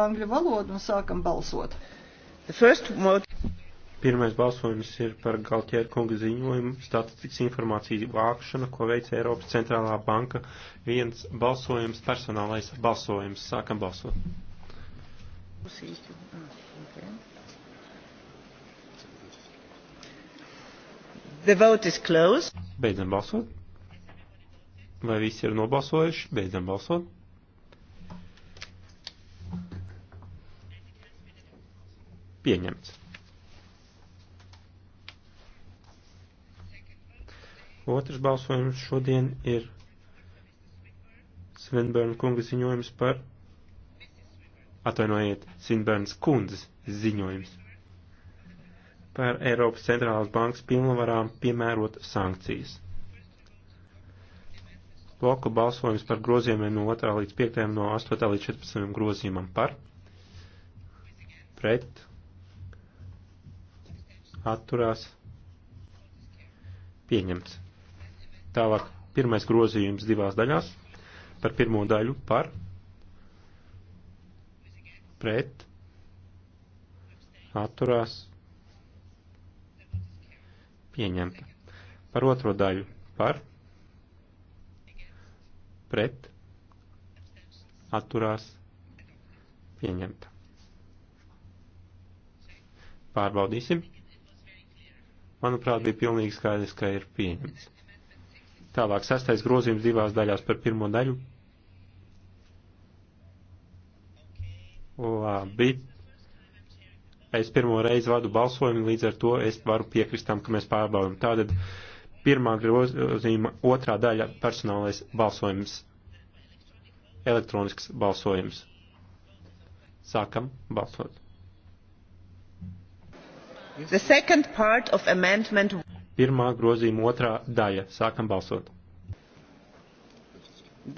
angļu valodu un sākam balsot. Pirmais balsojums ir par Galtieru kunga ziņojumu statistikas informācijas vākšana, ko veica Eiropas centrālā banka. Viens balsojums, personālais balsojums. Sākam balsot. The vote is closed. Beidzam balsot. Vai visi ir nobalsojuši? Beidzam balsot. Pieņemts. Otrs balsojums šodien ir Svinbērna kunga ziņojums par, atvainojiet, Svinbērnas kundzes ziņojums par Eiropas centrālās bankas pilnvarām piemērot sankcijas. Bloku balsojums par grozījumiem no 2. līdz 5. no 8. līdz 14. grozījumam par, pret, atturās pieņemts. Tālāk pirmais grozījums divās daļās. Par pirmo daļu par pret atturās pieņemta. Par otro daļu par pret atturās pieņemta. Pārbaudīsim manuprāt, bija pilnīgi skaidrs, ka ir pieņemts. Tālāk, sastais grozījums divās daļās par pirmo daļu. Labi. Es pirmo reizi vadu balsojumu, līdz ar to es varu piekrist tam, ka mēs pārbaudām. Tātad pirmā grozījuma otrā daļa personālais balsojums. Elektronisks balsojums. Sākam balsot. The second part of amendment. Pirmā grozījuma otrā daļa. Sākam balsot.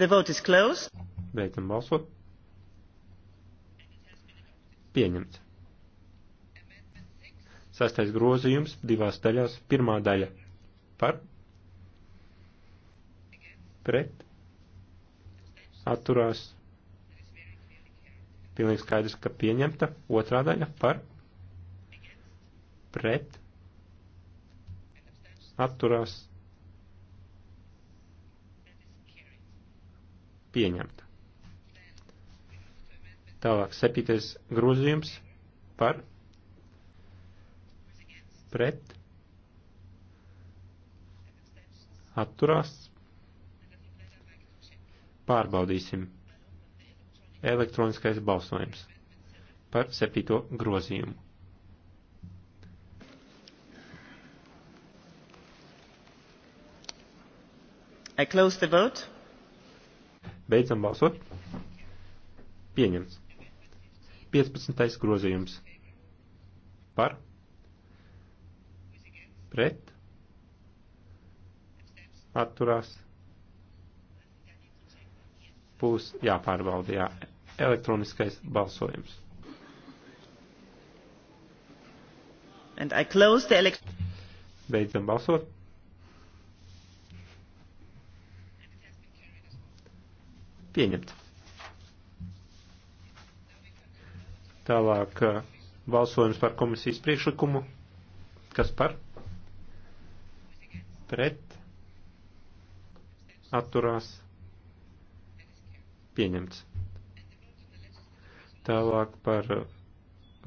The vote is closed. Beidzam balsot. Pieņemts. Sastais grozījums divās daļās. Pirmā daļa par, pret, atturās. Pilnīgi skaidrs, ka pieņemta. Otrā daļa par, pret pret, atturās, pieņemta. Tālāk, septītais grozījums par, pret, atturās, pārbaudīsim elektroniskais balsojums par septīto grozījumu. I close the vote. Beidzam balsot. Pieņemts. 15. grozījums. Par. Pret. Atturās. Būs jāpārbauda, jā. Elektroniskais balsojums. And I close the elect Beidzam balsot. Pieņemt. Tālāk uh, balsojums par komisijas priekšlikumu. Kas par? Pret. Atturās. Pieņemts. Tālāk par uh,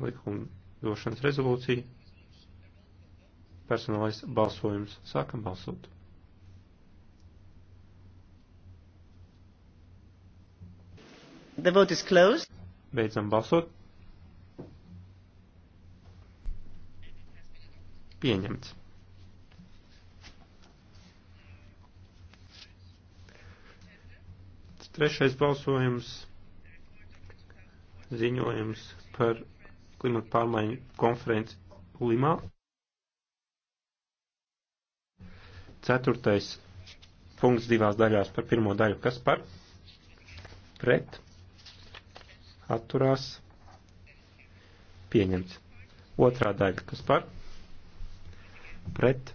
likuma došanas rezolūciju. Personālais balsojums. Sākam balsot. The vote is closed. Beidzam balsot. Pieņemts. Trešais balsojums ziņojums par klimatu pārmaiņu konferenci Limā. Ceturtais punkts divās daļās par pirmo daļu. Kas par? Pret? atturās pieņemts. Otrā daļa, kas par pret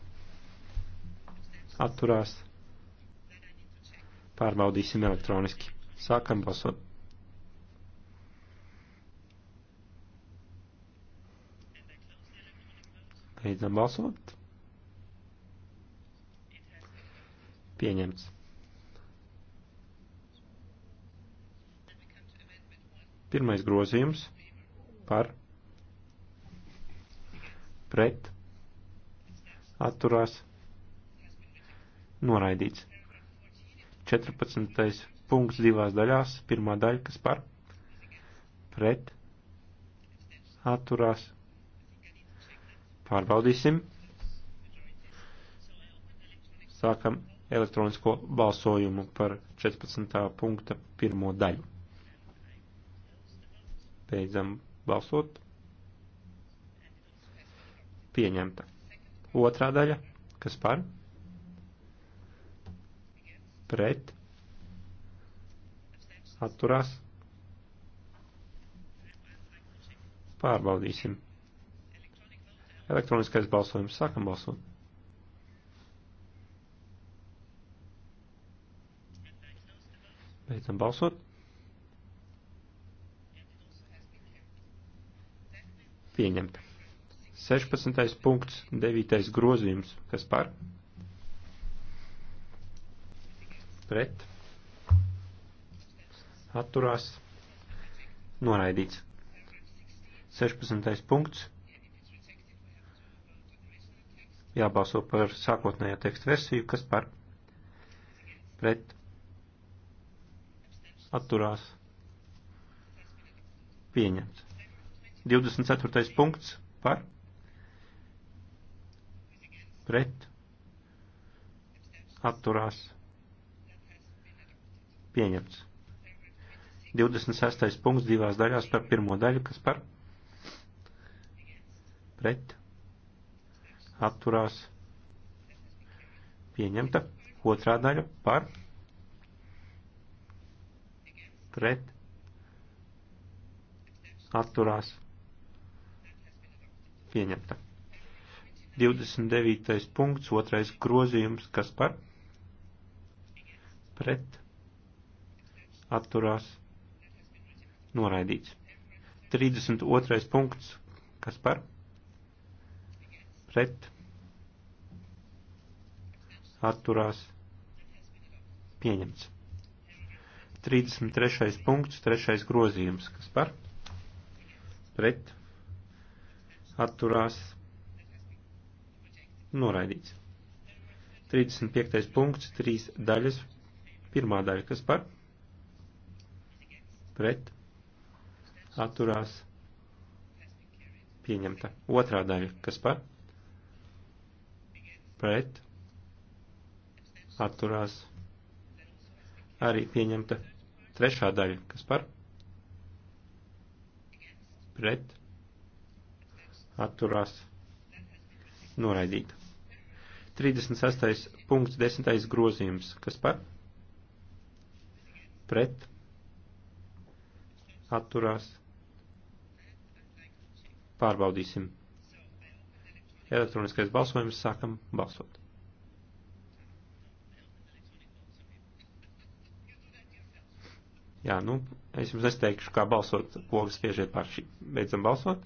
atturās pārbaudīsim elektroniski. Sākam balsot. Beidzam balsot. Pieņemts. Pirmais grozījums par pret atturās noraidīts. 14. punkts divās daļās, pirmā daļa, kas par pret atturās. Pārbaudīsim. Sākam elektronisko balsojumu par 14. punkta pirmo daļu. Beidzam balsot. Pieņemta. Otrā daļa. Kas par? Pret. Atturās. Pārbaudīsim. Elektroniskais balsojums. Sākam balsot. Beidzam balsot. pieņemt. 16. punkts, 9. grozījums, kas par? Pret. Atturās. Noraidīts. 16. punkts. Jābalso par sākotnējā teksta versiju, kas par? Pret. Atturās. Pieņemts. 24. punkts par pret atturās pieņemts. 26. punkts divās daļās par pirmo daļu, kas par pret atturās pieņemta. Otrā daļa par pret atturās pieņemta. 29. punkts, otrais grozījums, kas par pret atturās noraidīts. 32. punkts, kas par pret atturās pieņemts. 33. punkts, trešais grozījums, kas par pret atturās noraidīts. 35. punkts, 3 daļas, pirmā daļa, kas par pret atturās pieņemta. Otrā daļa, kas par pret atturās arī pieņemta. Trešā daļa, kas par pret atturās noraidīt. 36. punkts, 10. grozījums. Kas par? Pret. Atturās. Pārbaudīsim. Elektroniskais balsojums sākam balsot. Jā, nu, es jums nesteikšu, kā balsot, pogas spiežiet pārši. Beidzam balsot.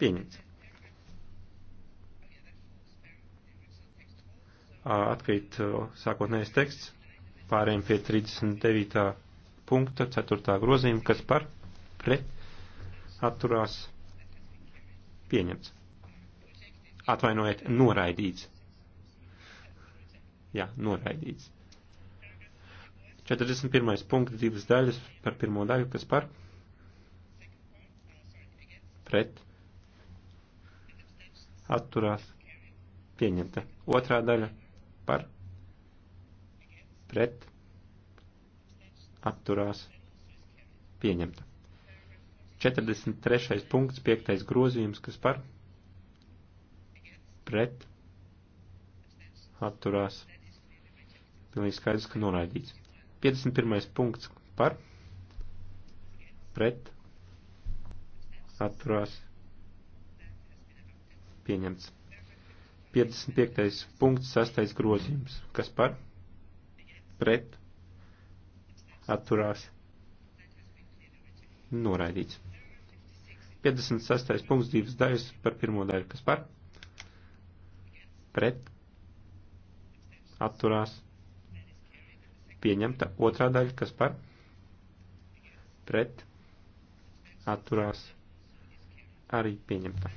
Pieņemts. Atkrīt sākotnējais teksts. Pārējiem pie 39. punkta, 4. grozījuma, kas par pret atturās pieņemts. Atvainojiet, noraidīts. Jā, noraidīts. 41. punkts, divas daļas par pirmo daļu, kas par pret atturās pieņemta. Otrā daļa par pret atturās pieņemta. 43. punkts, 5. grozījums, kas par pret atturās pilnīgi skaidrs, ka noraidīts. 51. punkts par pret atturās pieņemta pieņemts. 55. punkts, 6. grozījums. Kas par? Pret. Atturās. Noraidīts. 56. punkts, divas daļas par pirmo daļu. Kas par? Pret. Atturās. Pieņemta. Otrā daļa. Kas par? Pret. Atturās. Arī pieņemta.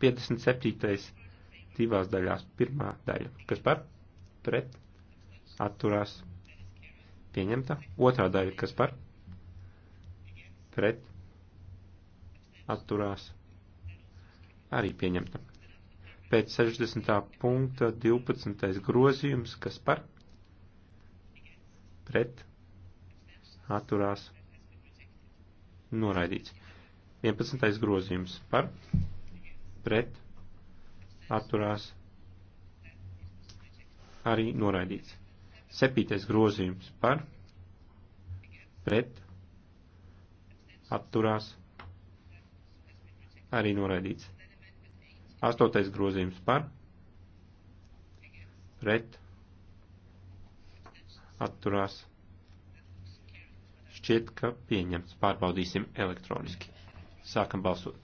57. divās daļās, pirmā daļa, kas par pret atturās pieņemta, otrā daļa, kas par pret atturās arī pieņemta. Pēc 60. punkta 12. grozījums, kas par pret atturās noraidīts. 11. grozījums par pret pret, atturās, arī noraidīts. Septītais grozījums par, pret, atturās, arī noraidīts. Astotais grozījums par, pret, atturās, šķiet, ka pieņemts. Pārbaudīsim elektroniski. Sākam balsot.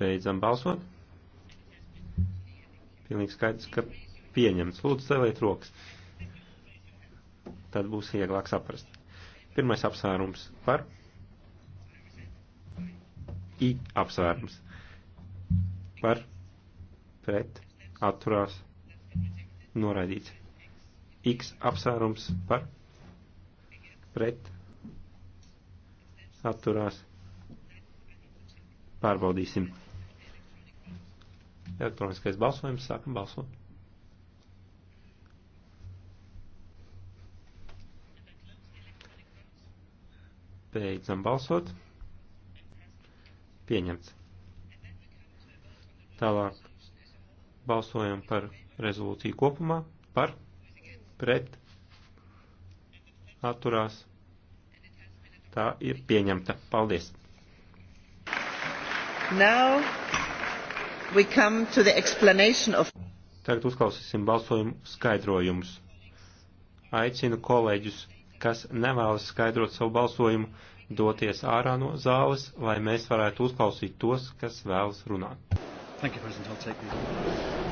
Beidzam balsot. Pilnīgi skaidrs, ka pieņemts. Lūdzu, celiet rokas. Tad būs vieglāk saprast. Pirmais apsvērums par I apsvērums. Par pret atturās noraidīts. X apsvērums par pret atturās pārbaudīsim. Elektroniskais balsojums. Sākam balsot. Beidzam balsot. Pieņemts. Tālāk balsojam par rezolūciju kopumā. Par, pret, atturās. Tā ir pieņemta. Paldies! Now Of... Tagad uzklausīsim balsojumu skaidrojumus. Aicinu kolēģus, kas nevēlas skaidrot savu balsojumu, doties ārā no zāles, lai mēs varētu uzklausīt tos, kas vēlas runāt. Thank you, President. I'll take these.